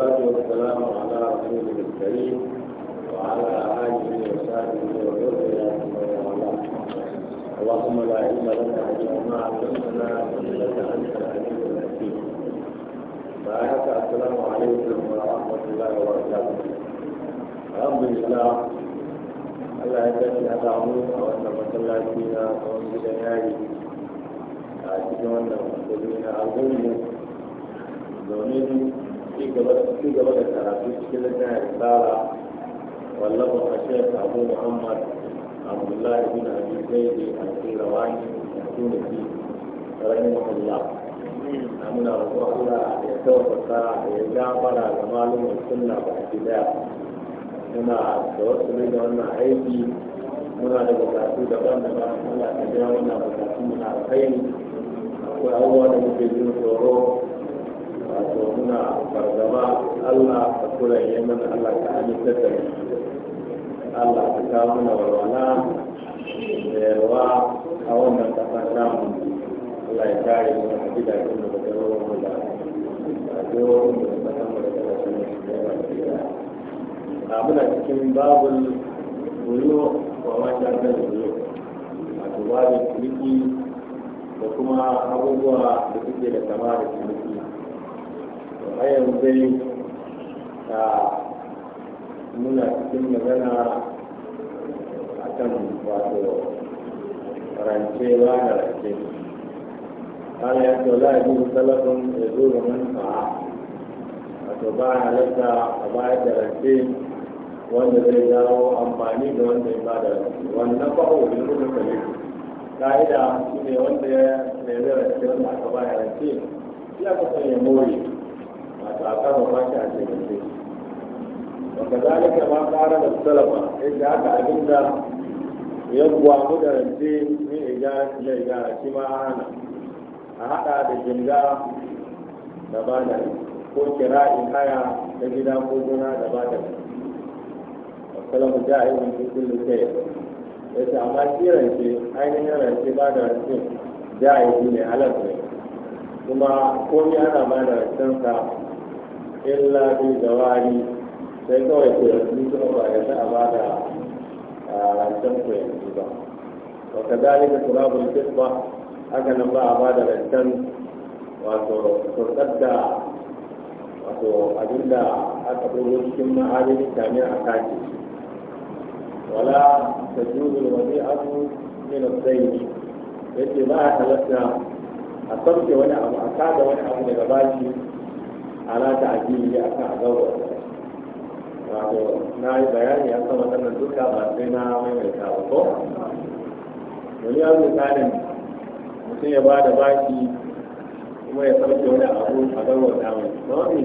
والصلاة والسلام على رسوله الكريم وعلى آله وصحبه وذريته ومن اللهم لا علم لك إلا ما علمتنا إنك أنت العليم الحكيم. فآيات السلام عليكم ورحمة الله وبركاته. الحمد لله Allah ya tafi a damu a wannan masallaci na tsawon gidan yari a cikin wannan masallaci na algunmu domin في gaba da karatu cikin littafin tsara wallafa a shek abu muhammad abdullahi bin abi zaidi al-qirawani a tunisi rahimu allah amina roƙo allah ya tabbata ya gafara ga malumin sunna ba a gida muna da wasu da wannan aiki muna da bukatu daban-daban allah ta biya wannan bukatu muna alkhairi akwai abubuwa da muke jin tsoro wato muna fargaba Allah ka turanye mana Allah ka amintar da mu Allah ka kawo mana walwala da yarwa a wannan ƙasa namu Allah ya kare mu a gidajen mu da garuruwan mu da rayuwar mu da ƙasar mu da ƙasashen mu da yawa da yawa a muna cikin babul buyo wa mata da buyo wato babin ciniki da kuma abubuwa da suke da kama da ciniki a yanzu dai a muna cikin magana a kan wato rance ba da rance zo da لا wato ba يزور منفعة a لك وباع درسين wanda zai jawo amfani da wanda ya bada wannan ba ko da kuma kare ka'ida shine wanda ya zai rance wanda aka ba ya rance ya ka sanya more فأقام الركعة الجنبية وكذلك ما قال السلمة إذا أتى أجندا يبوى مدر الدين من إجارة إلى إجارة كما أنا أحد الجنجا دبانا ko kira'in haya ta gida ko gona da ba da wasu da a yi wani kullum kai ya ce amma kiran ce ainihin rance ba da rancen da a yi ne halar ne kuma komi ana ba da rancen sa illa bi zawari sai kawai ku yanzu kuma ba ya sa ba da rancen ku yanzu ba wa kadalika turabul kisba haka nan ba a ba da rancen wato turkar da wato abinda aka bugu cikin ma'adini jami'a a kaji wala ta juzul wani abu min al-zaini yake ba a halatta a sauke wani abu a kada wani abu daga bashi ala ta addini a kan agawa wato na yi bayani a kan waɗannan duka ba sai na maimaita ba ko wani ya misalin mutum ya ba da baki kuma ya sauke wani abu a garwar damar mami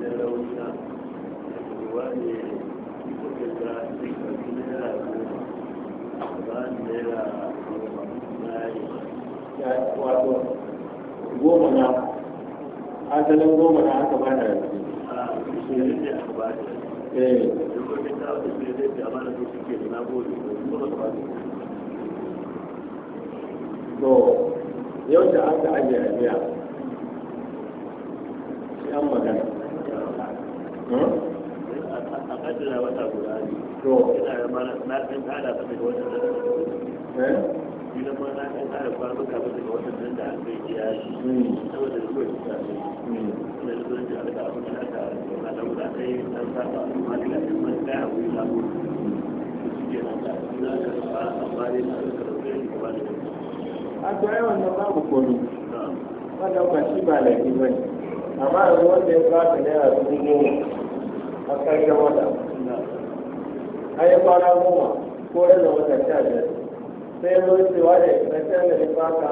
ya ba wato goma na asalin goma na aka bada eh. to yau da aka ajiye ajiya shi an magana a ƙasar wata guda ne to ina da na ɗin hada ta mai wata kila ma na kan kara ka ba daga waɗannan da aka yi ya shi saboda zuwa da safe da zuwa da abu da aka a ta yi ta saba amma da ya kuma ta abu ya mu su ke nan da ka rufa amma dai na da karfe da kuma da a to ai wannan babu komi wanda ba shi ba laifi ba ne amma yanzu wanda ya ba ka naira dubu goma a ƙarshen wata ai ya kwana goma ko rana wata sai ya zo cewa ya na can da baka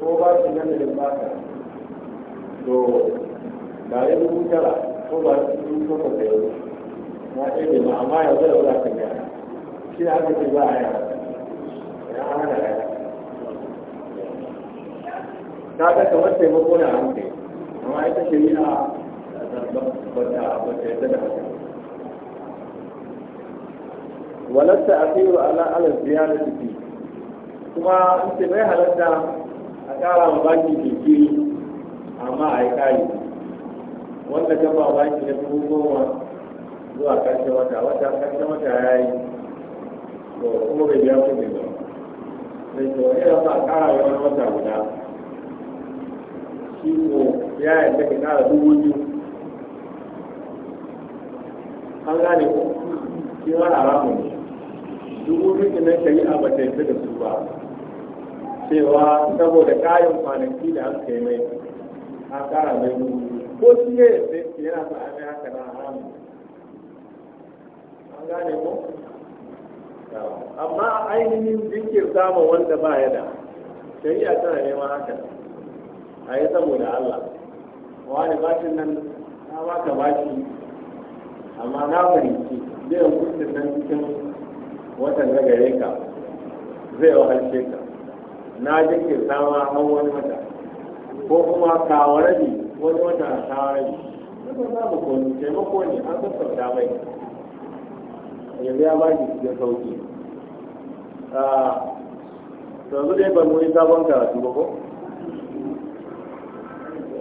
ko ba shi nan da baka to ba ya dubu tara ko ba su dubu tara da yau na ɗaya ma amma ya zo da wata kan yara shi da aka ce ba a yara ya hana yara ta ga kamar taimako na hanke amma ita shari'a ba ta yadda da haka ولست أخير على على الزيادة فيه kuma ita mai halatta a kara wa baki keke amma a yi kayi wanda ta ba baki na dubu goma zuwa karshe wata wata karshe wata ya yi to kuma bai biya kuɗi ba sai to ina kara wa wani wata guda shi ko ya ta ka kara dubu biyu an gane ko shi wani haramun ne dubu biyu ɗin shari'a ba ta yi ta da su ba cewa saboda kayan kwanaki da an kai mai a kara mai ko shi ne yana sa a mai haka na haramu an gane ko amma ainihin jinkir samu wanda ba ya da shari'a tana neman haka a yi saboda Allah wani bashin nan na baka bashi amma na fahimci zai kudin nan cikin watan na gare ka zai wahalce ka na jikin sama an wani mata, ko kuma kawar ne wani wata a kawo rabi duka za mu taimako ne an sassauta mai yanzu ya ba shi cikin sauki ah, yanzu dai ban wuri sabon karatu ba ko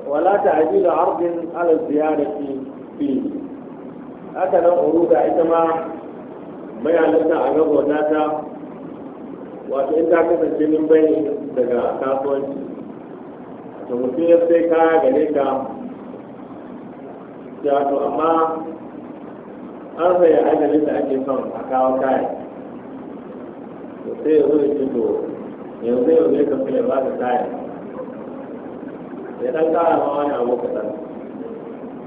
wala ta ajiyu da arzin ala ziyarati fi haka nan uruda ita ma bayanan ta a gabo ta wato in ta kasance min bai daga kasuwanci to mutum ya sai kaya gare ka ya to amma an zai ajalin da ake son a kawo kaya to sai ya zo da shi to yanzu yau zai ka sai ba da kaya ya dan kara ma wani abu kaɗan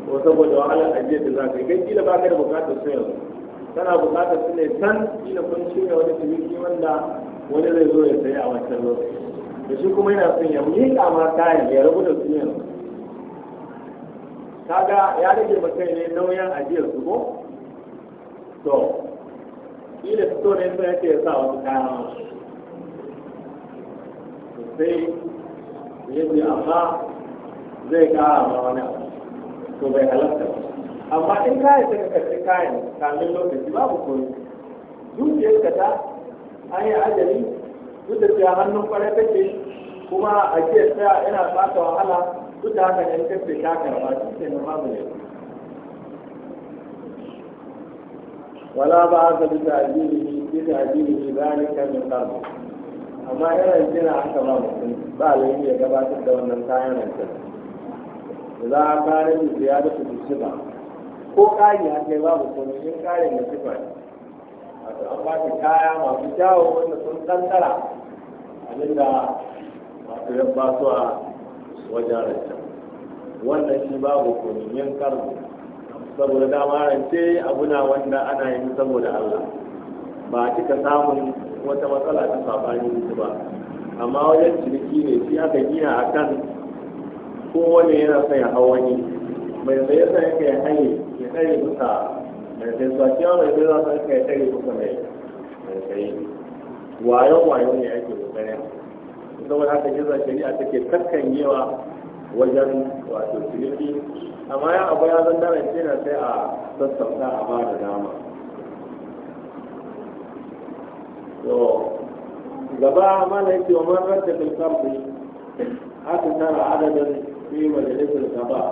ko saboda wahalar ajiyar da za ka yi kai kila ba da bukatar su yanzu kana bukatar su ne san kila kun shirya wani ciniki wanda wani zai zo ya sayi a wancan lokaci da shi kuma yana son ya miƙa ma kayan ya rabu da su yanzu kaga ya rage kai ne nauyin ajiyar su ko to shi da fito ne sai yake ya sa wasu kaya ma sai ya ce amma zai kara ma wani abu to bai halatta amma in kayan sai ka karɓi kayan kamin lokaci babu koyi zuciyarka ta an yi ajali duk da cewa hannun kwarai take kuma a ke tsaya yana fata wahala duk da haka ne kace ta karba shi sai na wala ba a zabi da ajili ne da ajili ne zalika min qarbu amma yana jira haka ba mutum ba lai ya gabatar da wannan kayan rancen za a kare su da su ba ko a haka babu komai in kare na sifa ne wato an ba ta kaya masu kyawu wanda sun kankara abinda wato ya ba su a wajen rance wannan shi babu kunin karbu saboda dama rance na wanda ana yin saboda Allah ba a cika samun wata matsala ta sabani ba amma wajen ciniki ne shi aka gina a kan kowane yana sai hawani mai sai sai yake yi hanyar ya tsaye bisa Eh, mai sensuwaciya mai zai za su kai tare kuka mai sai wayon wayon ne ake kokarin saboda haka jiza shari'a take kakkanyewa wajen wato filifi. amma ya abu ya zan dara ce na sai a sassauta a ba da dama to gaba mana yake wa man da bil kamfi aka tara adadin fi majalisar gaba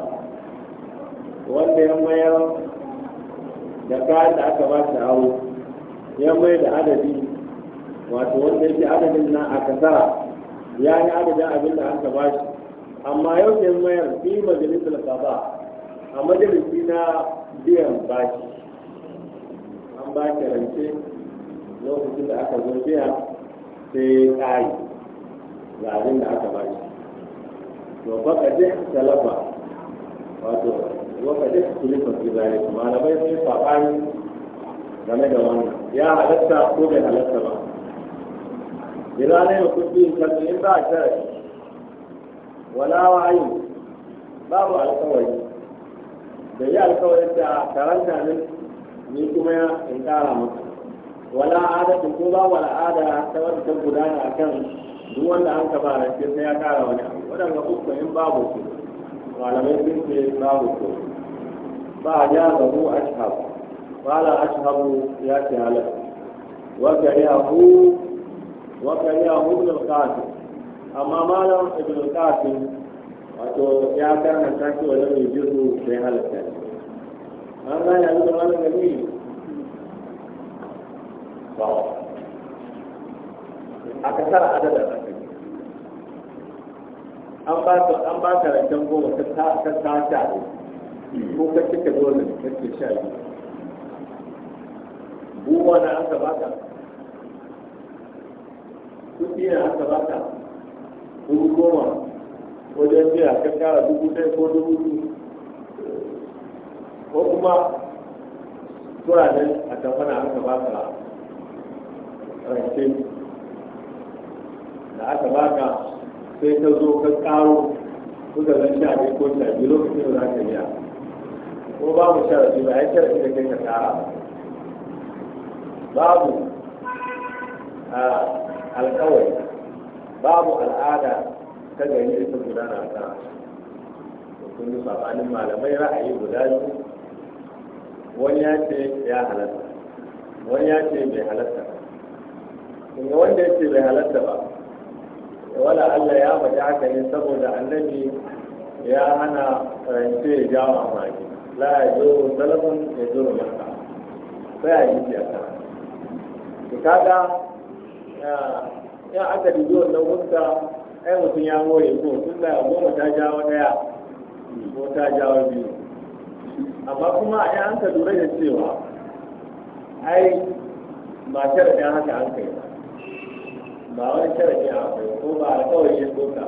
wanda ya mayar da kayan da aka ba shi hawo ya mai da adadi wato wanda yake adadin na aka kasara ya yi adadin abin da aka ba shi amma yau ke mayar fi majalisar saba a majalisi na biyan ba shi an ba shi rance lokacin da aka zo biya sai kayi ga abin da aka ba shi to baka je talaba wato wata da kulifin fi zalika malamai sun sabani game da wannan ya halatta ko bai halatta ba idan ne mutum in kalli in ba a wala wa'ayi babu alkawari da yi alkawarin da karanta ne ni kuma in kara maka wala adatin ko ba wala ada ta wanda ta gudana kan duk wanda an ka bara sai ya kara wani abu wadanda uku in babu su malamai sun ce babu su فأجابه أشهب قال أشهب يا wata وكرهه وكرهه da القاسم amma malam ابن القاسم wato ya karanta shi wa lamu jirgu sai halatta an gane abin da wani gani ba a kasar adadin an ba ka rancen goma ta ta ta ko ka cika dole ka ce sha biyu buwa na aka baka kuɗi na aka baka dubu goma wajen biya ka kara dubu ɗaya ko dubu biyu ko kuma turanen a tafana aka baka rance da aka baka sai ka zo ka karo kuka zan sha biyu ko sha biyu lokacin da za ka biya وبعض الشرط يبقى هيتر إذا كنت تعرف بعض القوي بعض الآداء تجعل يجب تجدان أكثر وكل صعب أن ما لم يرى أي بلاد ونياتي يا حلت ونياتي بحلتك إن ونياتي بحلتك ولا ألا يا مجعك إن سبب لأنني يا أنا فإنسي جامع معك la ya zo talabun ya zo maka sai yi biya ta to kaga ya aka dubi wannan wuta ai mutum ya more ko tun da goma ta jawo daya ko ta jawo biyu amma kuma ai an ka lura da cewa ai ba matar da haka an kai ba wani sharafi a akwai ko ba alƙawari ya doka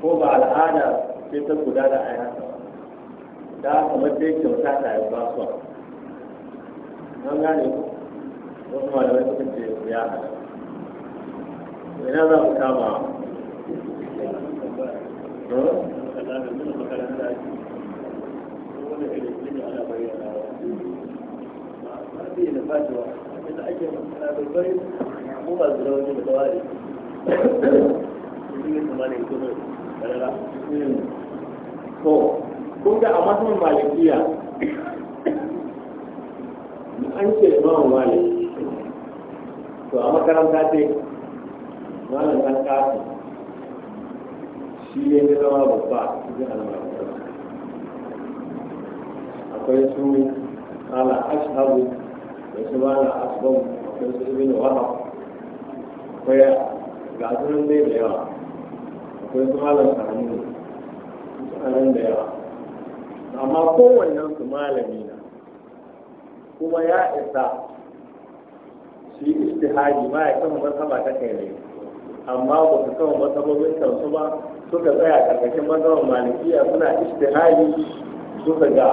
ko ba al'ada ce ta da a haka da aka mace kyauta ta yi ba su don gane wasu malamai suka ce ya ina za mu kama ko hmm. kun ga a matan malikiya an ce imamu malik to a makaranta ce malam dan kasu shi ne ya zama babba cikin almarar akwai su ala ashabu da su mala asbabu akwai su ibn wahab akwai ga sunan dai da yawa akwai su malam sarmuni su da yawa amma kowannen su malami na kuma ya isa shi yi istihadi ma ya kama masaba ta kai ne amma ba su kama masabobin kansu ba suka tsaya karkashin masaban malikiya suna istihadi suka ga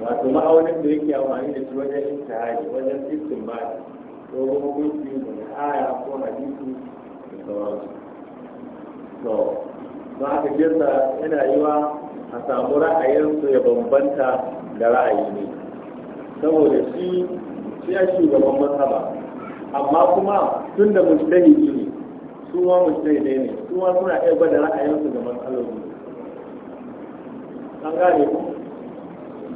wato ma'aunin da yake amfani da shi wajen istihadi wajen istinbadi ko hukunci da aya ko hadisi da sauransu to ba ka jirta yana yi wa a samu ra'ayinsu ya bambanta da ra'ayi ne saboda shi shi ya shugaban masaba amma kuma tun da mujtahidi ne su ma mujtahidi ne su ma suna iya gwada ra'ayinsu da matsaloli an gane ku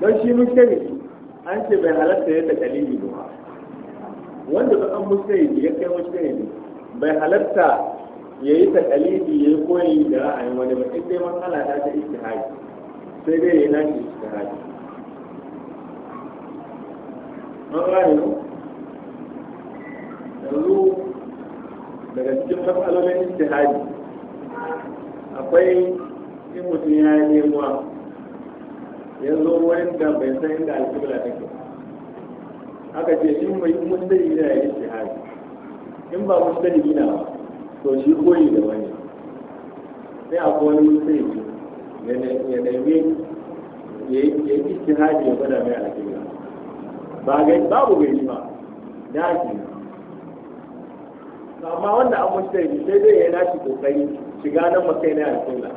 don shi mujtahidi an ce bai halatta yadda kalili ba wanda ba an mujtahidi ya kai mujtahidi bai halatta ya yi takalidi ya yi koyi da ra'ayin wani ba in dai matsala ta ta istihari sai dai ya yi nashi istihari an gane ku yanzu daga cikin matsalolin istihari akwai in mutum ya yi nemuwa ya zo wurin da bai san inda alkibla take aka ce in mai mun dai ina ya yi istihari in ba mun dai ina ba to shi koyi da wani sai a koyi sai ya nemi ya yi haji ya gwada mai alƙibla ba ba babu gani ba da ke amma wanda an mushtahi sai dai ya nashi kokari shiga nan makai na alƙibla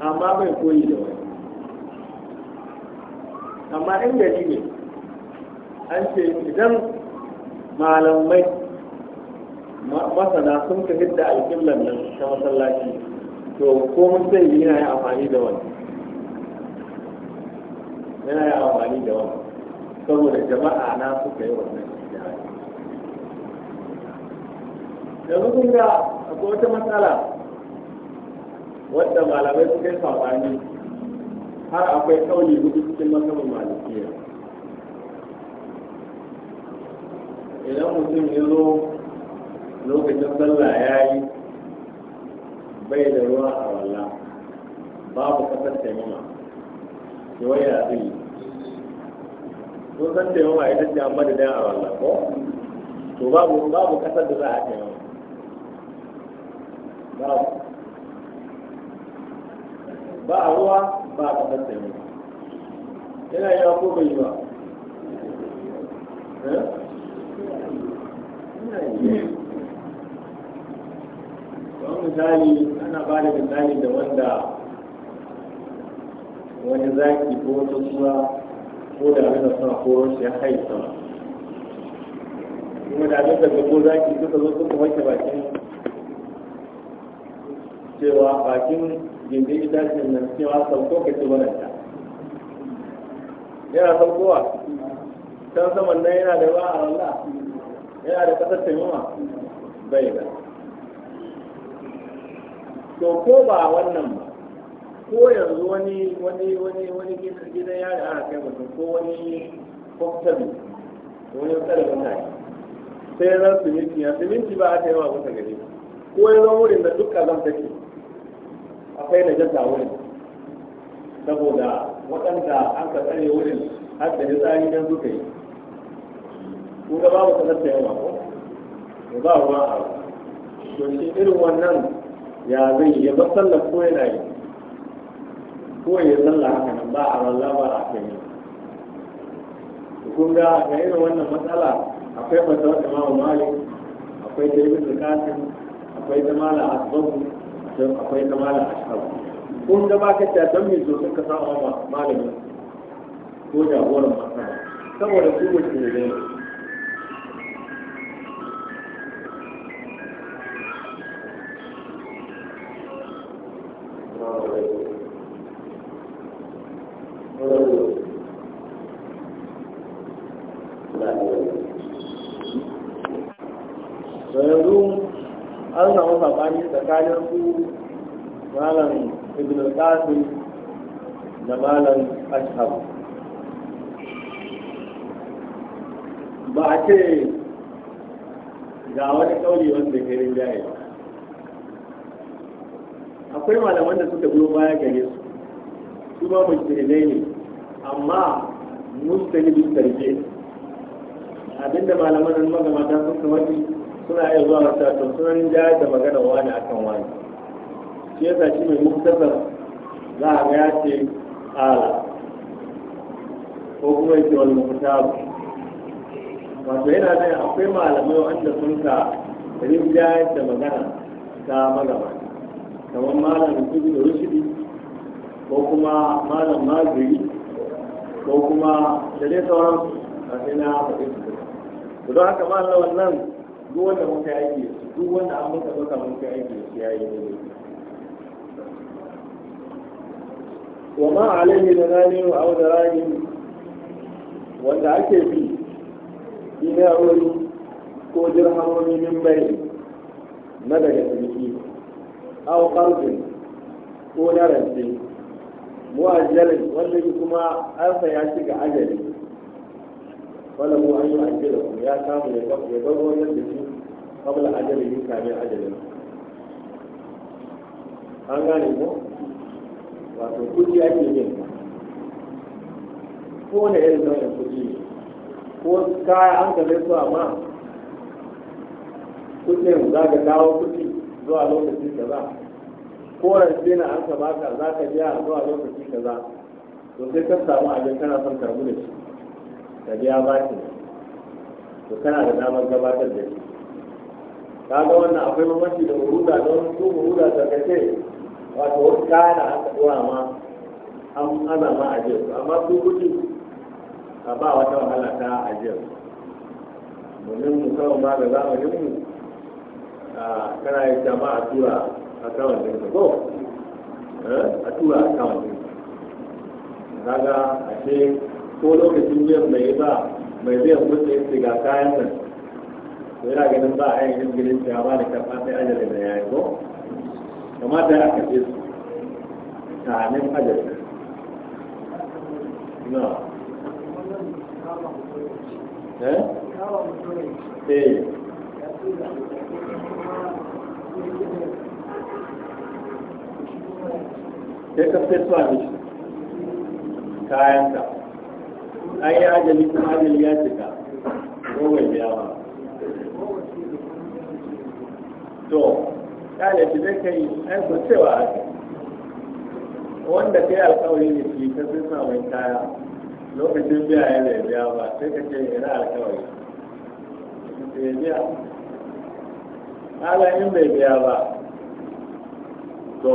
amma bai koyi da wani amma in gari ne an ce idan malamai masana sun ka hidda alƙiblan nan ta masallaci to ko mun sai yana yi amfani da wani yana yi amfani da wani saboda jama'a na suka yi wannan yanzu kun ga akwai wata matsala wadda malamai suka yi sabani har akwai kauli hudu cikin masarar malikiya idan mutum ya zo lokacin sallah ya yi bai da ruwa a walla babu kasar taimama a zai sun san taimama ita ce da dan a walla ko to babu babu kasar da za a taimama babu ba a ruwa ba a kasar taimama yana yawa ko bai yi ba Yeah. misali ana ba da misali da wanda wani zaki ko wata kuma ko da abin da suna ko shi ya haifa kuma da abin da ko zaki suka zo suka wanke bakin cewa bakin gindin itacen nan cewa sauko ka ci wani ta yana saukowa can saman nan yana da a Allah yana da kasar taimama bai da to ko ba wannan ba ko yanzu wani wani wani wani gidan yari ana kai mutum ko wani kwamfani wani tsare mutane sai zan siminti ya siminti ba a ta yawa masa gari ko ya zan wurin da duk kazan take akwai na jasa wurin saboda waɗanda an ka tsare wurin har da tsari don suka yi ko ga babu sanar da yawa ko ba ruwa a to shi irin wannan ya zai yi ba sallah ko yana yi ko ya sallah haka nan ba a wallah ba a kai kun ga ga irin wannan matsala akwai fatawar wa mali, akwai ta ibn qasim akwai da mala asbabu akwai zama mala ashabu kun ga ba ka ta dan mai zo sun ka sa wa malamin ko jagoran matsala saboda su mutum ne da yanzu an samu sabani tsakanin su malam ibn al-qasim da malam ashab ba a ce ga wani kauri wanda ke rinjaye ba akwai malaman da suka biyo baya gare su su ma mu ne amma bin tarje abinda malaman nan magamata sun kamati suna iya zuwa wata to sunan jaya da magana wani akan wani shi yasa shi mai muktasar za a ga ya ce ala ko kuma ya ce wani muktabu wato yana zai akwai malamai wanda sun ka rinjaya da magana ta magamata kamar malam da rushidi ko kuma malam maziri ko kuma da dai sauran a sai na faɗi su don haka malam wannan duk wanda muka aiki su duk wanda an muka ɗauka muka aiki su ya yi ne wa ma alaihi da zani wa au da wanda ake bi wuri ko dirhamomi min bai na daga aw qardin ko na rance mu'ajjalin wanda kuma an ya shiga ga ajali wala mu an yi ajjala ya samu ya gaba ya gaba da shi kabla ajali yin kamin ajalin an gane ko wato kuɗi ake yin ko na irin nau'in kuɗi ne ko kaya an ka su amma kuɗin za ka dawo kuɗi zuwa lokaci kaza ko rance na an baka za ka biya zuwa lokaci kaza to sai ka samu abin kana son karbu da shi ka biya baki to kana da damar gabatar da shi kaga wannan akwai mamaci da huruda don su huruda da kace wato wani kaya aka dora ma an ana ma ajiyar su amma su kuɗi ba wata wahala ta ajiyar domin mu kawo ma ga zamanin mu kana yi dama a tura eh, a kawon ɗinka ko a tura a kawon ɗinka a ce ko lokacin biyan mai ba mai biyan kusa yin ga kayan nan to yana ganin ba a yin gidan ta ba da karɓa sai ajali da yayi ko kamar da aka ce su ta hannun ajali na eh eh sai ka fesa mishi kayanka an yi ajali kuma ajali ya cika rogon biya ba to kare shi zai kai an ko cewa aka wanda kai alkawari ne shi ka fesa mai kaya lokacin biya ya biya ba sai ka ce ina alkawari sai biya kaga in bai biya ba to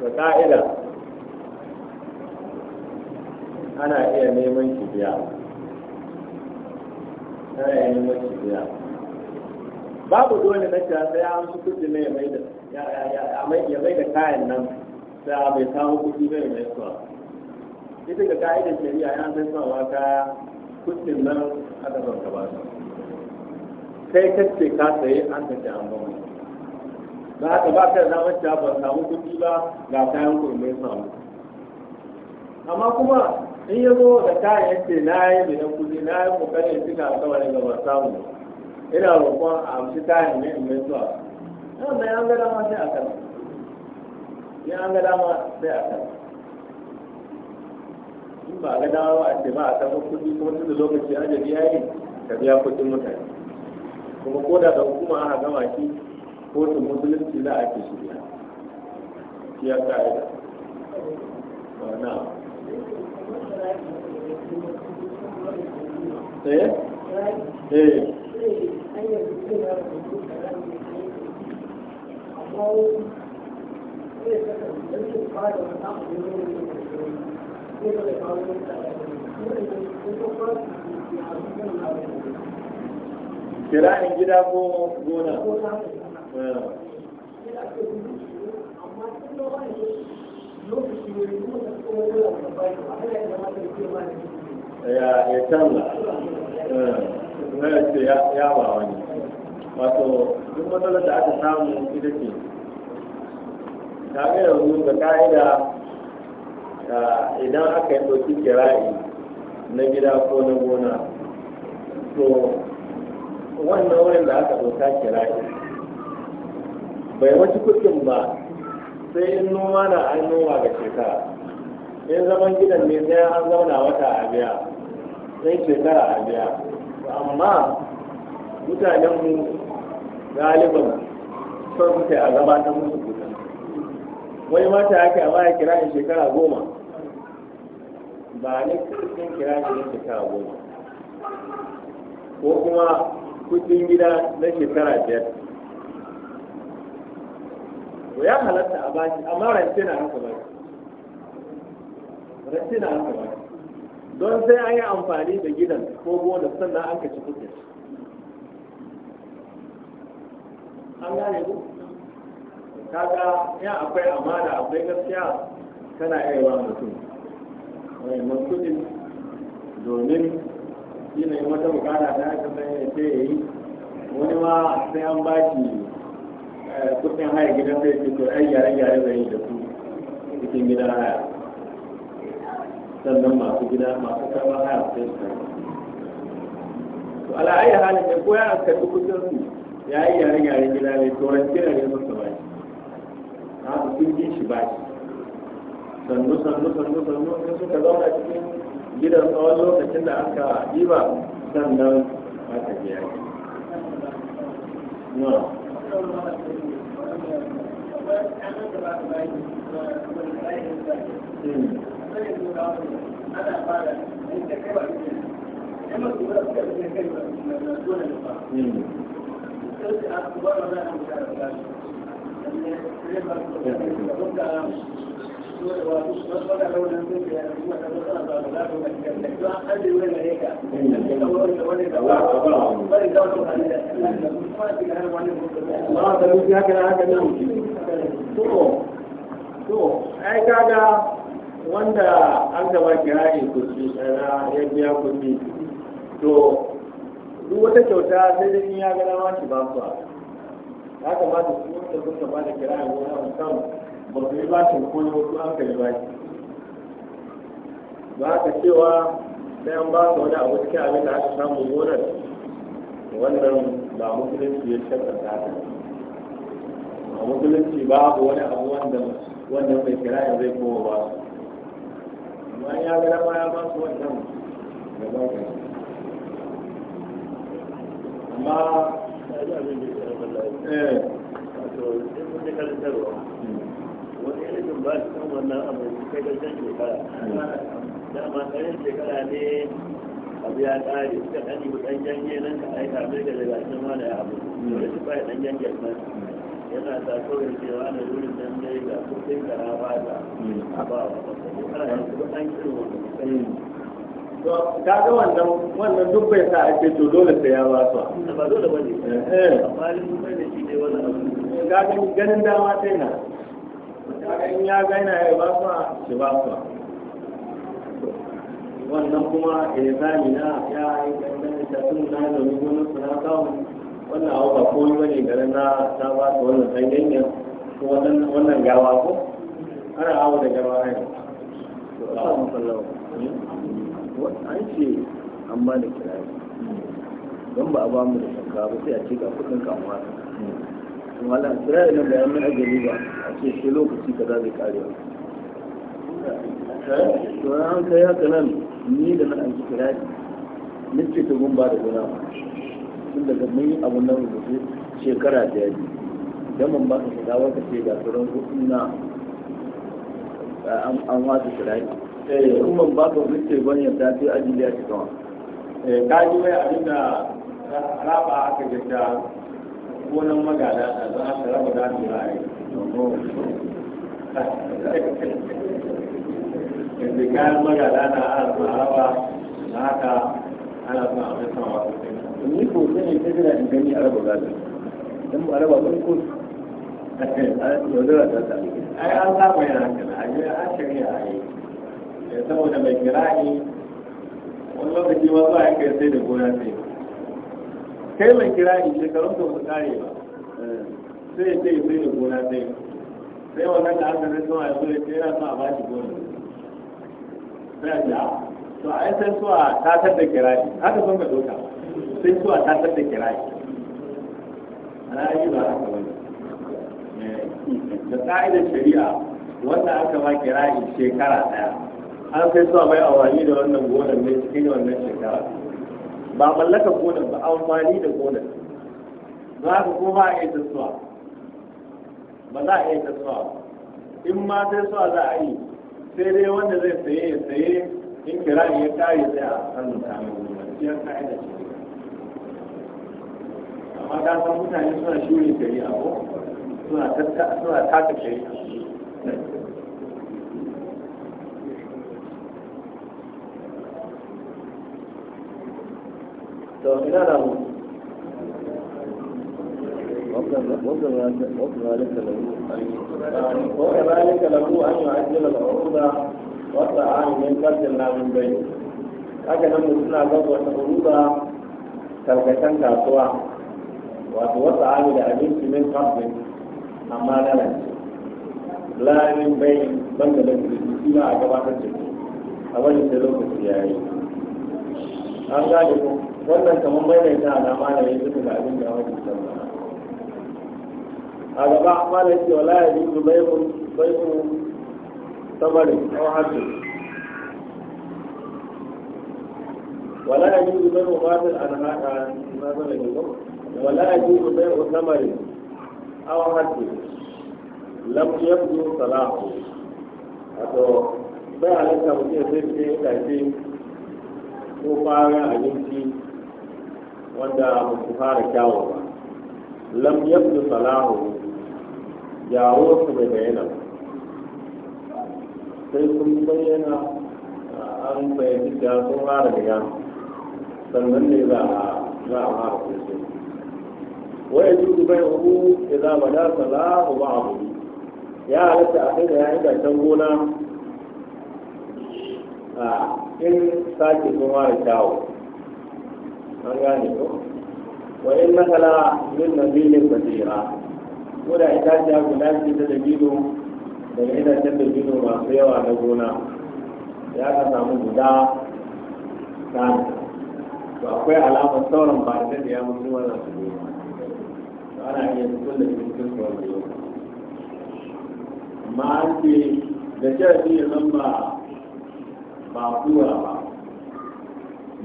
da ka'ida ana iya neman ki biya ana iya neman ki biya babu dole na cewa sai an su kudi ne ya mai da ya mai da kayan nan sai a bai samu kudi ne mai suwa ita ga ka'idar shari'a ya san suwa ka kudin nan aka ka ba su kai kace ka saye an ka ci an ba mai ba ka zama damar ba samu kuɗi ba ga kayan kurmai mai samu amma kuma in ya zo da kayan yace na yi da kuɗi na yi kokarin cika alƙawarin da ban samu ina roƙon a amshi kayan ne in mai zuwa nan mai an gada ma sai a kan ya an ga dama sai a kan in ba ga dama ba a ce ba a taɓa kuɗi kuma tun da lokaci ajali ya yi ka biya kuɗin mutane kuma ko da da hukuma aka gama shi kotun musulunci za a ke shirya shi ya ka'ida na eh eh Thank you. kiranin gida ko gona ya ya canza na ya ce ya ba wani wato duk matsalar da aka samu ita ce ta ga yanzu da ka'ida idan aka yi ɗauki kirayi na gida ko na gona to wannan wurin da aka doka kira shi bai wasu kudin ba sai in noma na an noma ga shekara in zaman gidan ne sai an zauna wata a biya sai shekara a biya amma mutanen mu galiban sun fita a gabatar musu kudin wani mata yake amma ya kira in shekara goma ba ne kudin kira shi shekara goma ko kuma kudin gida na shekara biyar ko ya halatta a bashi amma rance na haka ba rance na haka ba don sai an yi amfani da gidan ko gona sannan an ka ci kudin an gane ku kaga ya akwai amana akwai gaskiya kana iya wa mutum mai mutum domin shi ne wata bukata ta haka sai ya ce ya yi wani ma sai an ba shi eh, haya gidan zai ai gyare gyare zai yi da su cikin gidan haya sannan masu gida masu haya su ala ayi halin ko ya su ya yi gyare gyare gida ba shi sun ji shi ba shi sannu sannu sannu sannu suka zauna cikin gidan tsawon lokacin da aka yi ba sannan aka biya no Thank hmm. hmm. ai kaga wanda an gaba kuɗi tsara ya biya kuɗi to duk wata kyauta sai dai ya ga dama ki ba su ba da wani ba su yi bashin ko ne wasu an kai bashi ba ka cewa sai an ba su wani abu cikin abin da aka samu gonar wannan ba musulunci ya shakka ta ta ba musulunci babu wani abu wanda wanda mai kira ya zai koma ba su amma ya ga dama ya ba su wannan da ba ka amma yi eh wato sai mun da karantarwa hmm. wani ilimin ba su kan wannan abu su kai da can shekara tsarin shekara ne abu ya suka ɗan yi ɗan janye nan ka aika mai da daga cikin wani abu da su janye nan yana kawai cewa na wurin nan ne ga kuɗin da na ba da ba wa ba kiro wannan wannan duk bai sa ake to dole sai ya ba su ba dole bane eh, eh amma ni shi ne wannan abu ganin dama sai na in ya ga ya ba su shi ba su wannan kuma ilzami na ya yi ganin da sun na da rubunin su na samu wannan abu ba koyi ba ne garin na ta ba su wannan sanyanyan ko wannan gawa ko ana awo da gawa ne hmm? an ce an ba da kirari don ba a ba mu da shakka ba sai a ce ga kudin kamuwa wala kira ina da yamin ajali ba a ce shi lokaci kaza zai kare wa to an kai haka nan ni da na an ji kira ni ce ta gumba da guna tun daga mun yi abun nan rubutu shekara da yaji idan mun ba ka shiga wata ce ga sauran kuɗi na an wata kira ni eh, in ban ba ka wani ban yadda ta ajiyar ya shiga wa. Eh, ka ji mai abin da raba aka gaggara gonan magada a za a raba da su ra'ayi yanzu kayan magada na ana son raba na haka ana son a mai sama wasu ni ko sai ta jira in gani a raba gado dan ba raba sun ko yaudara ta ta ai an saba yana hankali a yi an shirya a yi saboda mai kira'i wani lokaci ma za a kai sai da gona sai kai mai kirari shekarun ka wasu kare ba sai ya ce sai da gona sai sai wannan da aka nan sama ya zo ya ce yana son a ba shi gona sai a ce a ah, to a yi sai suwa tatar da yi haka sun ka doka sai suwa tatar da yi ana yi ba haka ba eh, da ƙa'idar shari'a wanda aka ba yi shekara ɗaya an sai suwa bai awani da wannan gonar mai cikin wannan shekara ba mallaka gonar ba amfani da gonar za ka ko ba a yi tasuwa ba za a yi tasuwa in ma sai suwa za a yi sai dai wanda zai saye ya saye in kira ya kare sai a hannun samun gonar shi ya ka'ida ce amma ka san mutane suna shirin shari'a ko suna tata shari'a وكذلك له أن يعجل العروض والطعام من قتلنا من بيت haka nan mutum na gaba wata huruba tarkacen kasuwa wato wata abu da abinci min kafin amma na nan lamin bai ban da lafi a gabatar da su a wani sai lokaci wannan kamar maimaita na malamin duka da abin da ya wajen sallah a gaba malamin ce wala ya jizu baikun baikun samarin ko hajji wala ya jizu baikun matar an haɗa na zama ne wala ya jizu baikun samarin aw hajji lam yabdu salahu wato bai halatta mutum sai ce ya tafi ko fara abinci wanda ba su fara kyawu ba lam yabdu salahu ya su bai bayyana sai sun bayyana an bayyana da sun fara da sannan ne za a za a fara kusa waya juzu bai hu idan ba da salahu ba abu ya halatta a kai da ya itacen gona in sake sun fara kyawu an gane ko wa in masala min nabilin basira ko da itaciya guda ce ta dabino daga itacen dabino masu yawa na gona ya ka samu guda kan to akwai alamar sauran ba da ya mutu wannan su ne ana iya fitar da cikin sauran yau amma an ce da sharafi ya zama ba kuwa ba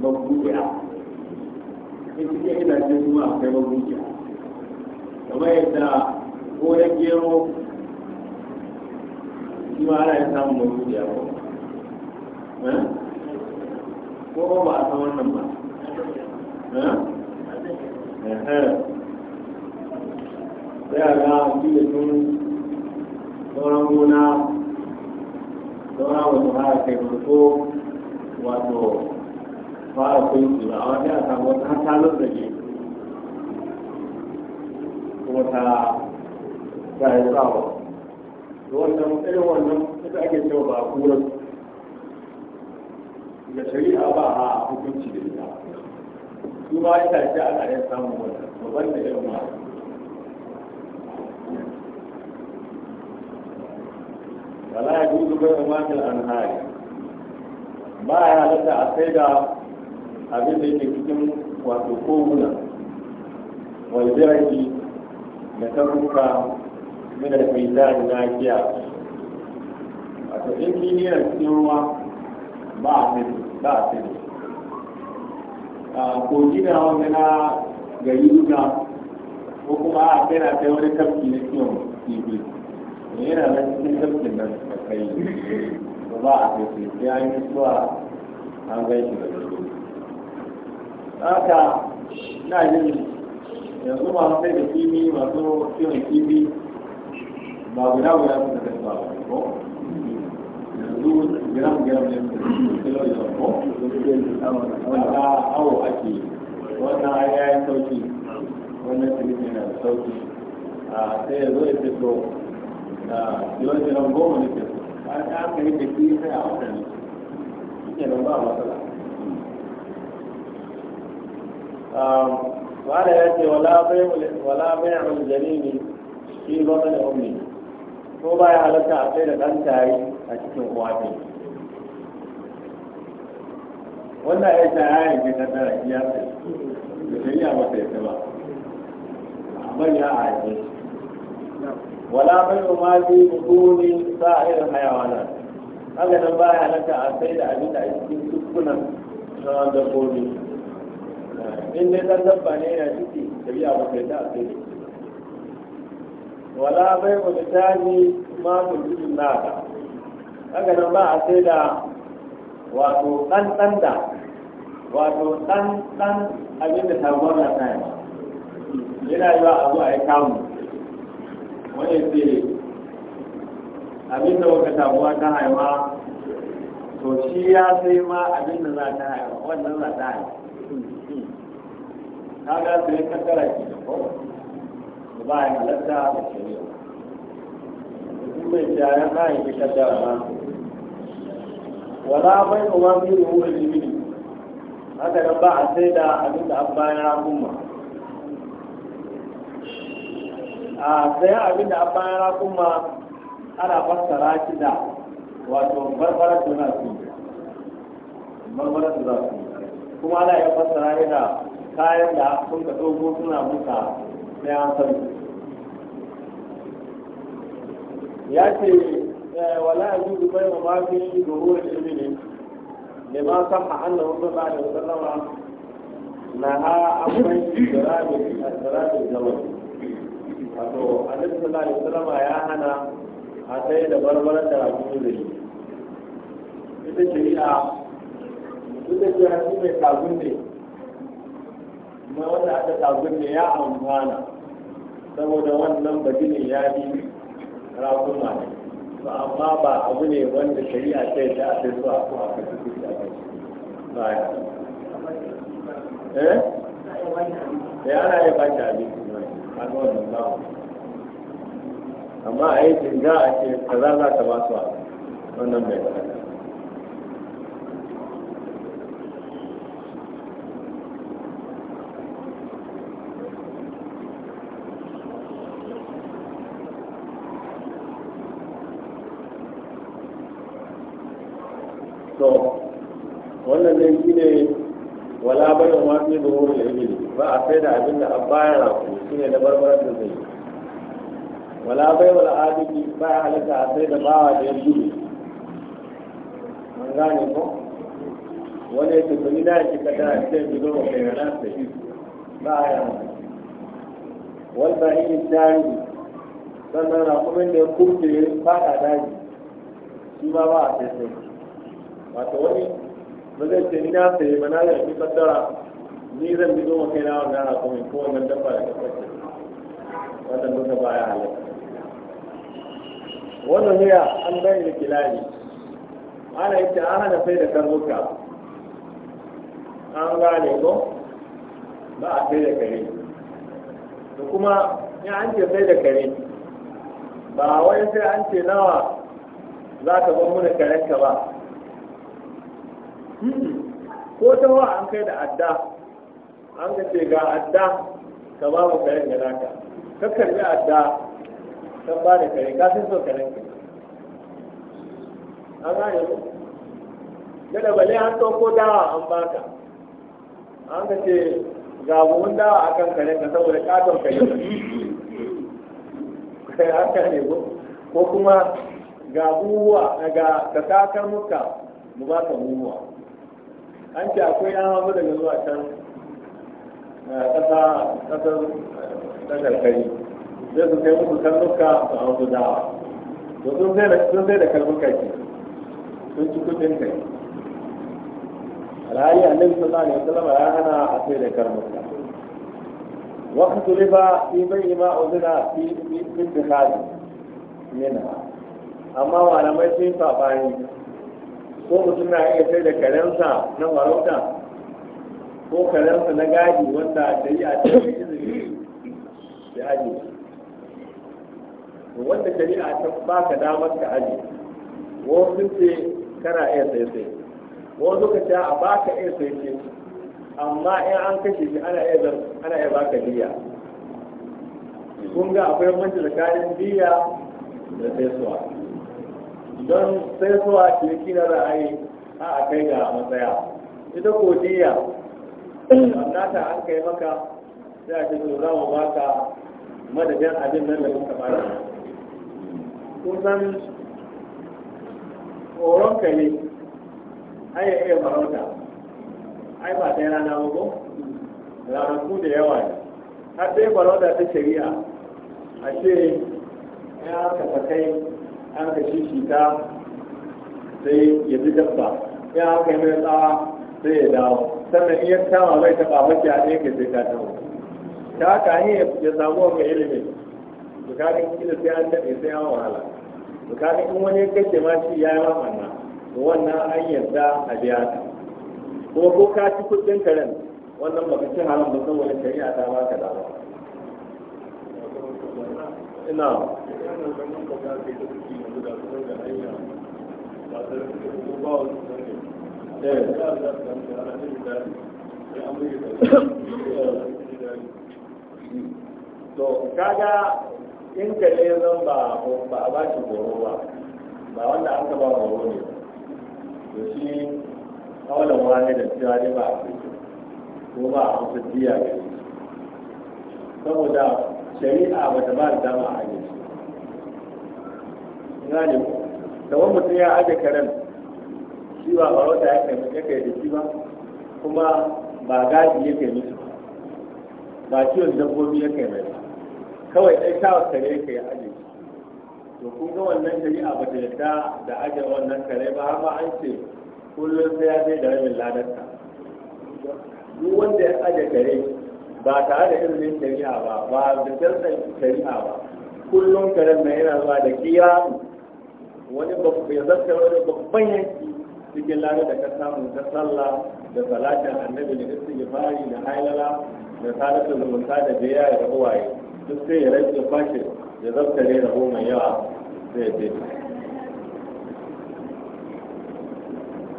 mabuɗiya in cikin gidaje kuma akwai magungiya kamar yadda gonan gero shi ma ana ko eh? ko ba a san wannan ba eh? sai a ga shi da sun sauran gona sauran wasu haka kai ko wato ba a kai su a wani a samu wata hasalar da ke kuma ta ta yi tsawa da wannan irin wannan ita ake cewa ba a kura da shari'a ba a hukunci da ita su ba ita ce a ƙarin samun wannan babban da irin masu wala ya duzu bai umarnin an hari ba ya halatta a sai da abin da yake cikin wato koguna walbiraki da taruka mina da mizan na kiya wato in kini yana cikin ruwa ba a sani ba a sani a kogi na wanda na gari duka ko kuma a kai na kai wani tafki na kiyon kifi yana nan cikin tafkin nan da kai ba a kai sai an yi zuwa an gaishe da haka na yin yanzu masu sai da kimi masu kiwon kimi ba guda guda su da kasuwa ba ko yanzu gram gram ne su kilo da ko wanda awo ake wannan ai yayin sauki wannan kilifin yana da sauki a sai ya zo ya fito da kilo goma ne ke so an ka yi da kimi sai a wata ne ke nan ba matsala wala ya ce wala bai amul janini shi ba da ummi ko ba ya halatta a sai da ɗan tari a cikin kwafi? wannan ya ta yayin ke ta tara iya sai da shari'a ba ta yasa ba amma ya aje wala bai sa irin sa'ir hayawana haka nan ba ya halatta a sai da abin da a cikin dukkanin sauran dabbobi in dai dan dabba ne yana ciki shari'a ba ta yadda a sai da wala bai wa misali ma kullu nada haka nan ba a sai da wato dan dan da wato dan dan abin da tabuwar na kayan yana yi wa a zo a yi kamu wani ce abin da wata tabuwa ta haifa to shi ya sai ma abin da za ta haifa wannan za ta haifa na ga su yi kankara ke da ko da ba yi halatta da shari'a mutum mai shari'a na yi kankara na wala bai kuma fi ruhun limini haka nan ba a sai da abin da an bayan rakunma a sayan abin da an bayan rakunma ana fassara shi da wato barbara su na su barbara su za su kuma ana yi fassara yana kayan da sun ka ɗauko suna muka na yan sani ya ce eh, wala a juzu bai ma ba fi zuhurin shi ne ma san a hannun wasu ba da wasu lama na ha akwai a jirabin zaman wato a nan suna da wasu zama ya hana a sai da barbarar da rafi da shi ita shari'a ita shari'a shi mai kagun ne na wanda aka tagun ne ya amfana saboda wannan bagini ya yi rakuma ne to amma ba abu ne wanda shari'a ce ta ake so a ko aka fi da kai ba ya eh ya na yi ba ta bi a wannan ba amma a yi tinga a ce kaza za ta ba su wannan bai ba fi da ilimi ba a sai da abin da an bayar rafu ne na barbarar da zai wala bai wala adiki ba ya halitta a sai da bawa da ya gudu an gane ko wani ya tuni da yake kada a ce bi zuwa kai rana da shi ba a yi ya ba bahin tari sannan rakumin da ya kurce fada daji shi ba ba a sai sai wato wani ba zai ce ni na sai mana da shi kaddara ni zan bi zo kai na wannan rakumi ko wannan dabba da ka kwace wannan duka baya halatta wannan hiya an bayyana kilali ana ita an hana sai da karnuka an gane ko ba a sai da kare da kuma ya an ce sai da kare ba wai sai an ce nawa za ka ban muna karenka ba hmm. ko ta wa an kai da adda an ga ce ga adda ka ba mu karen ga naka ka karbi adda ka ba da kare ka san so karen ka an gane ku kada bale an ɗauko dawa an baka an ga ce ga buhun dawa akan karen ka saboda katon kare an gane ne ko kuma ga buwa ga ka kakar muka mu ba ka buwa an ce akwai an hamu daga zuwa can kasa ƙasar takarkari sai su kai musu karnuka su hau su dawa to sun sai da karnuka ke sun ci kudin kai A rayu annabi sallallahu alaihi wasallam ya hana a sai da karnuka وقت ربا في بيع ما أذن في في hali. منها amma malamai sun saɓani ko mutum na iya sai da karensa na warauta ko kalarsa na gadi wanda shari'a ta yi izini da aji wanda shari'a ta ka damar ka aji sun ce kana iya sai sai wasu ka ce a baka iya sai sai amma in an kashe shi ana iya ana iya baka diya kun ga akwai manci tsakanin diya da sai suwa don sai suwa ce kina za a a kai ga matsaya ita ko diya naka an kai maka za a ce to za mu baka madadin abin nan da muka bada kusan tsoron ka ne ai ya iya farauta ai ba ɗaya rana ba ko ranaku da yawa ne har dai farauta ta shari'a a ce ya ka sakai an ka shi ta sai ya bi dabba ya aka yi mai tsawa sai ya dawo sannan iya kama mai taɓa maki a ɗaya kai sai ta tawo ta haka ne ya samu wani ilimi bukatun kila sai an daɗe sai an wahala bukatun in wani ya ma shi ya yi mamanna to wannan an yarda a biya ta ko ko ka ci kuɗin karen wannan baka ci halin ba saboda shari'a ta ba ka dama ina ba to kaga in ka ne zan ba ba a bashi horo ba ba wanda an ka ba horo ne to shi kawalan wani da cewa ne ba a ko ba a wasu biya ga saboda shari'a ba ta ba da dama a yi gane ko da wani mutum ya aje karen Ciwa ba wata ya kai ya kai da shi ba kuma ba gaji ya kai musu ba ciwon dabbobi ya kai mai kawai ɗai shawar kare ya kai aji to kun ga wannan shari'a ba da yarda da aje wannan kare ba har ma an ce kullum sai ya sai da rabin ladarta duk wanda ya aje kare ba tare da irin shari'a ba ba da tsarsan shari'a ba kullum karen na yana zuwa da kira wani babban yanzu wani babban yanki cikin lare da ka samu ta sallah da salatin annabi da fari da hailala da da zumunta da jiya da uwaye duk sai ya rage fashe ya zaftare rabo mai yawa zai je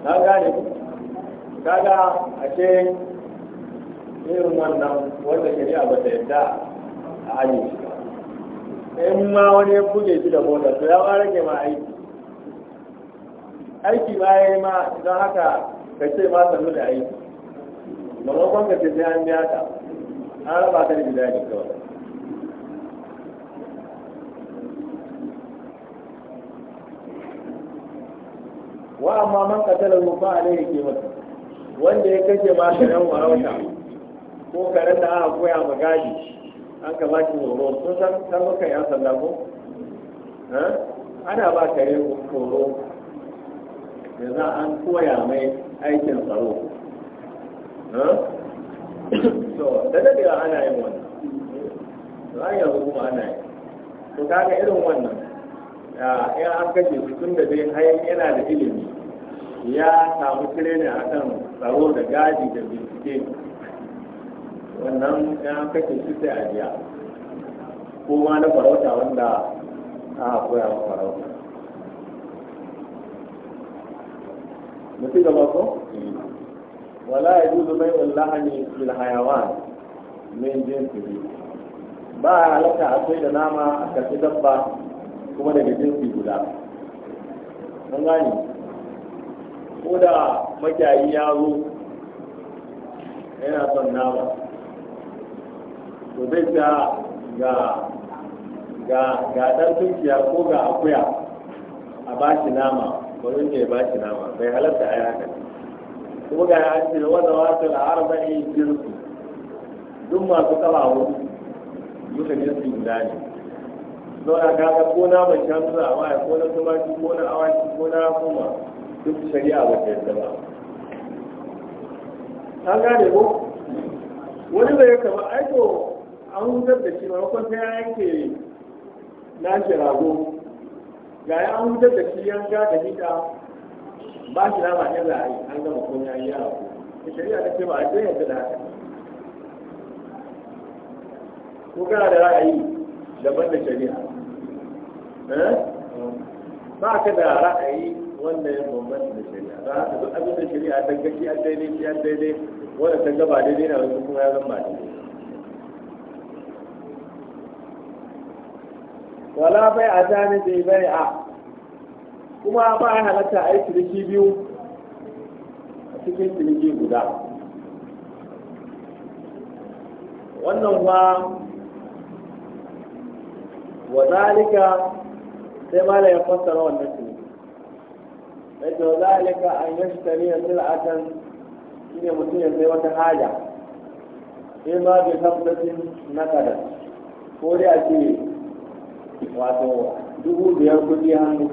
ka gane kaga ashe irin wannan wanda shari'a ba ta yadda a hanyar shi ba in ma wani ya buge shi da mota to ya rage ma aiki aiki ba ya yi ma don haka ka ce ma sannu da aiki maimakon ka ce sai an biya ka an raba ta da gida ne kawai wa amma man katala rufa a alai ke masa wanda ya kashe ma ka nan warauta ko karen da aka koya ma gadi an ka baki horo sun san san maka yan sanda ko ana ba kare horo da za an koya mai aikin tsaro so da dadewa ana yin wannan Za a yanzu kuma ana yi to kaga irin wannan ya an kashe su? tun da zai hayan yana da ilimi ya samu ne a kan tsaro da gadi da bincike wannan ya an kashe su sai a biya ko ma na farauta wanda a koya farauta mu ci gaba ko wala yajuzu bai'ul lahmi fil hayawan min jinsihi ba a halatta a sai da nama a karɓi dabba kuma daga jinsi guda mun gani. ko da makiyayi yaro yana son nama to zai ta ga ga ga dan tunkiya ko ga akuya a bashi nama bari ne ba shi nama bai halatta a haka kuma ga an ce wanda wata la'arba ne jirgi duk masu kafawo duka jirgi guda ne don a kaga ko na mai shanzu a waya ko na tumaki ko na awaki ko na kuma duk shari'a ba ta yadda ba an gane ko wani bai kama aiko an hutar da shi maimakon ta yanke na shi rago ga ya wuce da shi yanka da hita ba shi da ba yalla ai an gama mutum ya yi yawo ko shari'a ta ce ba a ɗaya yadda da haka ko kana da ra'ayi daban da shari'a eh? ba ka da ra'ayi wanda ya bambanta da shari'a ba ka duk abin da shari'a ta gashi an daidai shi an daidai wanda ta gaba daidai na wasu kuma ya zama daidai wala bai a jani bai bai a kuma ba a halatta a yi ciniki biyu a cikin ciniki guda wannan ba wa zalika sai da ya fassara wannan ciniki da wa zalika an yashtari ya sil'atan shine mutum ya sai wata haja sai ma bi na nakada ko dai a ce wato dubu biyar kudi hannu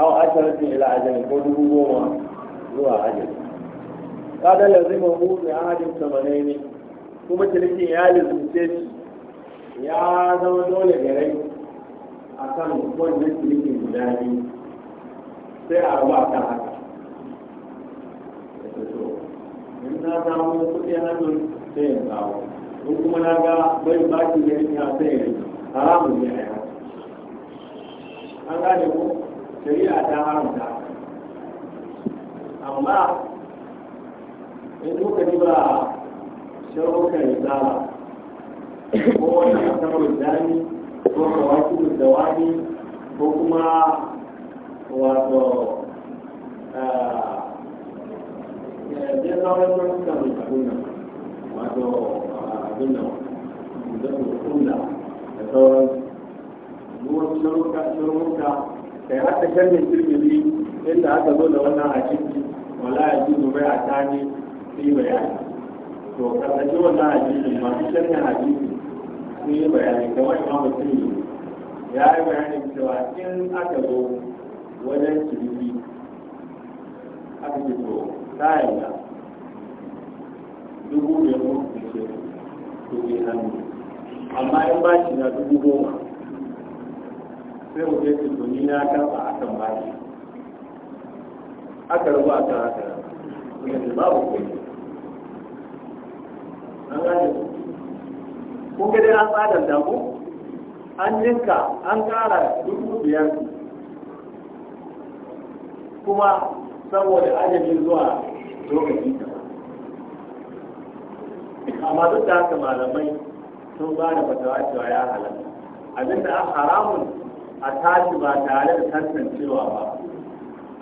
aw asharatin ila ajali ko dubu goma zuwa ajali kada lazima hu bi ahadin samanaini kuma cinikin ya lazimce shi ya zama dole gare a kan wannan cinikin guda biyu sai a ruwa kan haka in na samu kuɗi hannun sai ya kawo in kuma na ga bai baki da ya sai ya haramun ne an gane ko shari'a ta haramta amma in kuka ji ba sharukan risala ko wani asabar dani ko kawaki da wani ko kuma wato ya zama wani suka mai wato abin da da sauransu wurin sharuka kai har da sharhin tirmidhi inda aka zo da wannan hadisi wala ya ji a tani sai bayani to wannan masu yi bayani ya yi cewa in aka zo wajen aka ce to da dubu ke hannu amma in ba shi na dubu goma sai mu je tuntuni na karɓa a kan bashi aka rubu a kan haka yanzu babu kuɗi an gane ko ga dai an tsadar da ku an ninka an ƙara dubu biyar kuma saboda ajabi zuwa lokaci amma duk da haka malamai sun ba da fatawa cewa ya halatta abinda an haramun a tashi ba tare da tantancewa ba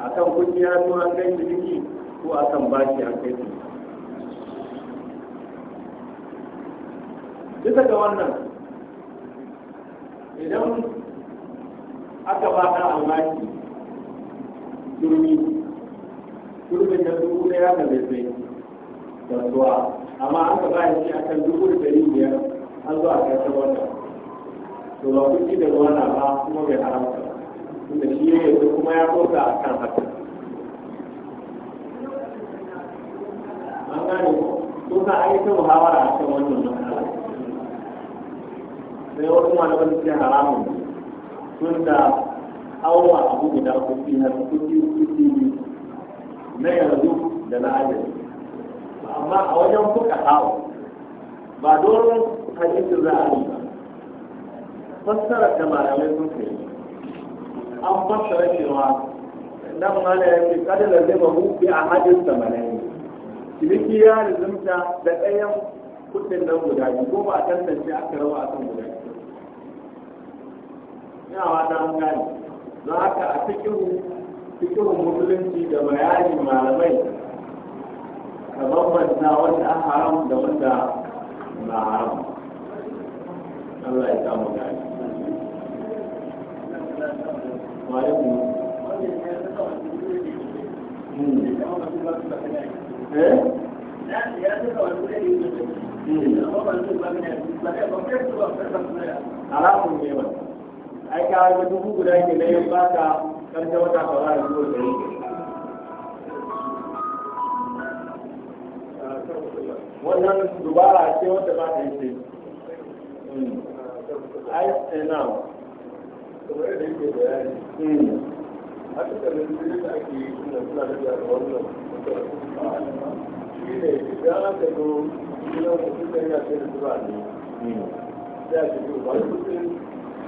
a kan kuɗi ya zo an kai ciniki ko a kan bashi an kai ciniki bisa ga wannan idan aka ba ɗan almaki turmi turbin da dubu ɗaya da bai sai da zuwa amma aka ba shi akan dubu da ɗari biyar an zuwa ƙarshen wannan to ba ku ci da ruwa ba kuma bai haramta ba tunda shi ya yanzu kuma ya kosa a kan haka an gane ko ka a yi ta muhawara a kan wannan matsala sai wasu malaman su haramun sun da awa abu guda kuɗi har kuɗi kuɗi na yanzu da na ajiyar amma a wajen fuka hawa ba doron hadisin za a yi fassara da malamai sun kai an fassara cewa nan mana ya ce kada da zai bahu bi a hajjin samanai ciniki ya rizumta da ɗayan kudin nan guda biyu ko ba a tantance aka rawa a kan guda biyu ina wata an gane don haka a cikin cikin musulunci da bayanin malamai ka bambanta wanda an haram da wanda na haram Allah ya samu gani haramun ne wannan dubara ce ba ta yi ce hmm. ai eh, na kamar yadda yake bayani hmm. haka da nan da ake yi suna suna da a wannan shi ne idan aka zo suna mutum da yana sai da zuwa ne da hmm. ake yi ba da mutum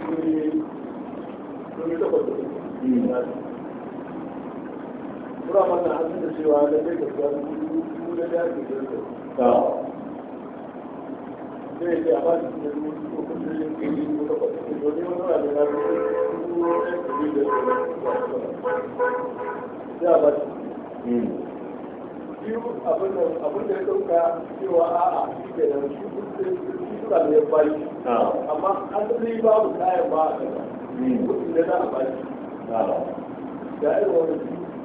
shi ne takwas da mutum Kura mata hannun da cewa da zai gaba da da ya ke jirgin. biyu abin da ya dauka cewa a'a shi ke nan shi suna da ya bayi amma an zai ba a kasa kudin da a bayi wani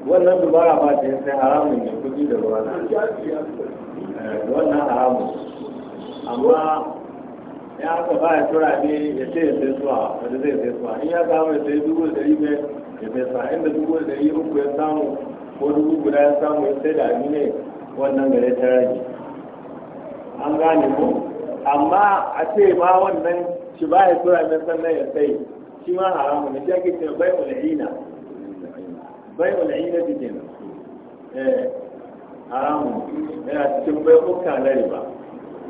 wannan dubara ba ta sai haramun ne kudi da ruwa na eh, wannan haramun amma ya aka ba ya tura ne ya ce ya sai suwa wanda zai sai suwa in ya samu ya sai dubu da ɗari biyar ya sai suwa inda dubu da ɗari uku ya samu ko dubu guda ya samu ya sai da abi ne wannan gare ta rage an gane ko amma a ce ba wannan shi ba ya tura ne sannan ya sai shi ma haramu ne shi ake ce bai ul'ina bai ul'ina cikin eh, haramu yana cikin bai uka na riba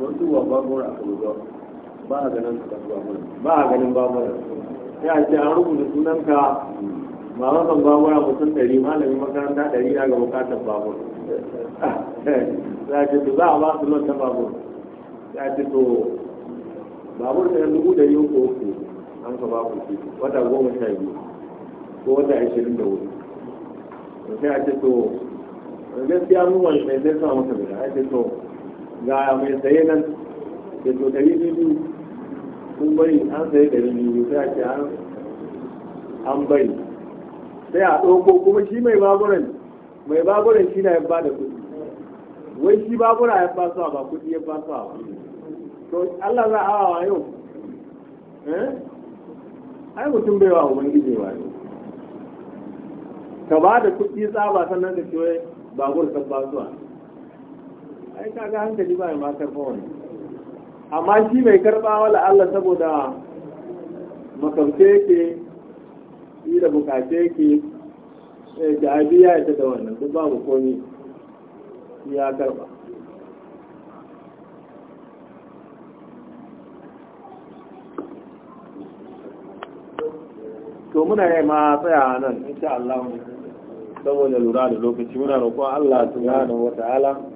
wasu wa babura a kuma ba a ganin babura ba a ganin babura sai a ce an rubuta sunanka mamakan babura mutum ɗari malamin makaranta ɗari na ga bukatar babur sai a ce to za a ba su nan ta babur sai a ce to babur da dubu ɗari uku uku an ka ba ku wata goma sha biyu ko wata ashirin da hudu sai a ce to gaskiya mu wani mai zai sa masa bida a ce to ga mai saye nan da to ɗari biyu kun bari an saye ɗari biyu sai a ce an bari sai a ɗauko kuma shi mai baburan mai baburan shi na ya ba da kuɗi wai shi babura ya ba su ba kuɗi ya ba su ba to Allah za a awa yau eh ai mutum bai wa ubangiji ba ne ka ba da kuɗi tsaba sannan da ce babur ka ba su ai ka ga hankali ba ya ma ba wani amma shi mai karba wa Allah saboda makamce yake yi da bukace yake da eh, abi ya ita da wannan duk babu komi ya karɓa to muna yi ma tsaya nan insha Allah saboda lura da lokaci muna roƙon Allah subhanahu wa ta'ala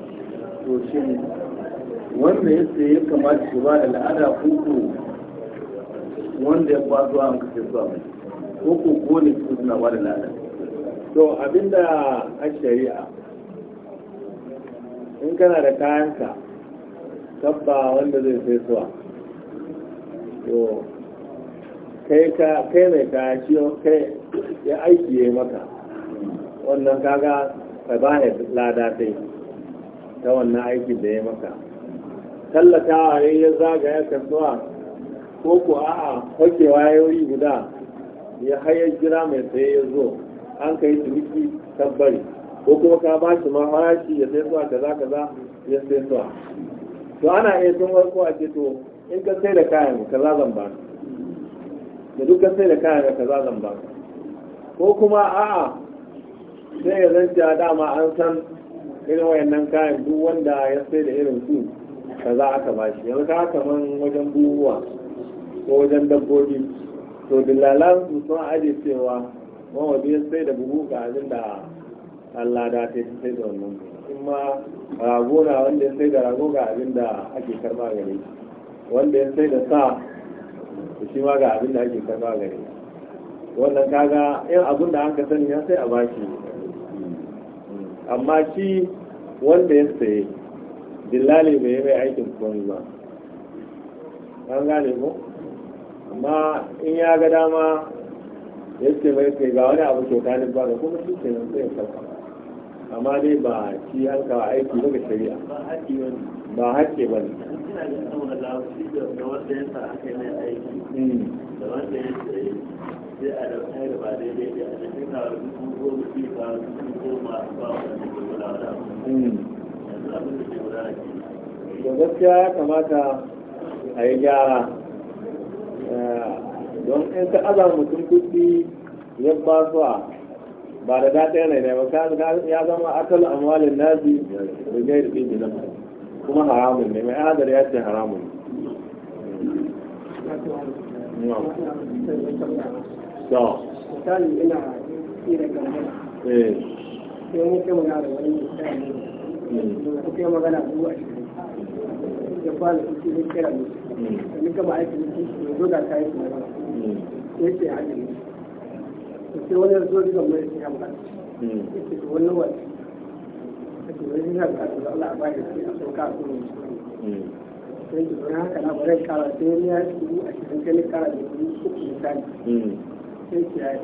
to shin wanda ya sayi kamata shi ba da la'ada uku wanda ya kwazo an kashe su mai ko ko ko ne su suna ba da la'ada to abinda a shari'a in kana da kayanka tabba wanda zai sai suwa to kai mai kaya shi kai ya aiki ya maka wannan kaga ka ba lada sai ta wannan aikin da ya maka tallatawa ne ya zagaya kasuwa ko ko a'a fakewa yi guda ya hayar jira mai saye ya zo an yi ciniki tabbari ko kuma ka ba shi maharashi ya sai suwa kaza kaza ya sai suwa to ana iya sun warko a ce to in ka sai da kayan kaza zan ba da duk ka sai da kayan za zan ba ko kuma a'a sai ya a dama an san irin wayannan kayan duk wanda ya sai da irin su kaza aka bashi yanzu haka kaman wajen buhuwa ko wajen dabbobi to dillalan su sun aje cewa mawadi ya sai da buhu ga abin da Allah da ta yi sai da wannan in ma rago na wanda ya sai da rago ga abin da ake karba gare wanda ya sai da sa da shi ma ga abin da ake karba gare wannan kaga yin abin da an ka sani ya sai a bashi amma shi wanda ya saye dillali bai mai aikin komai ba an gane ko amma in ya ga dama ya ce mai sai ga wani abu kyauta ne ba da kuma shi ke nan sai ya sauka amma dai ba shi an kawo aiki daga shari'a ba haƙƙi ba ne da wanda ya sa aka yi mai aiki hmm. da wanda ya sai a da ba daidai da a cikin da gaskiya ya kamata a yi gyara eh, don in ta aza mutum kuɗi ya ba su a ba da daɗin rai ne ba ya zama akal amalin nazi da gai yi rikin nan kuma haramun ne mai adar ya ce haramun ne. kira gangana eh. sai wani da hmm. a cikin ya su da hmm. da hmm. ce ya ce ba ya ce a sauka ce na ya a cikin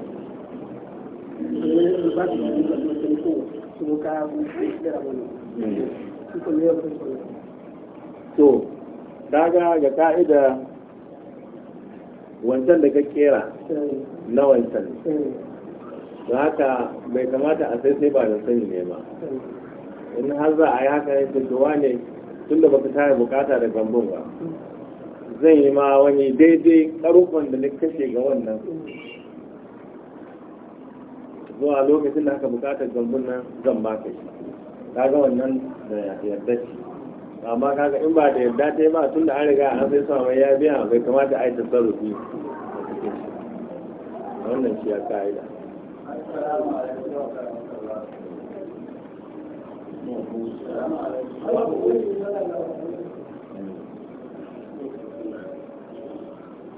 to daga ga ka'ida wancan da ka kera na wancan da haka bai kamata a sai sai ba da sani ne ba in har za a yi haka ne tuntuwa ne tun da baka tare bukata da gambun ba zan yi ma wani daidai karufan da na kashe ga wannan zuwa lokacin da aka bukatar zambun nan zan ka shi kaga wannan da yarda ce amma kaga in ba da yarda ta yi ba tun da an riga an sai sa ya biya bai kamata a yi a wannan shi ya ka'ida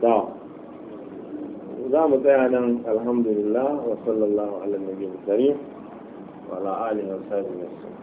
Assalamu za mu tsaya nan alhamdulillah wa sallallahu ala nabiyyi karim wa ala alihi wa sahbihi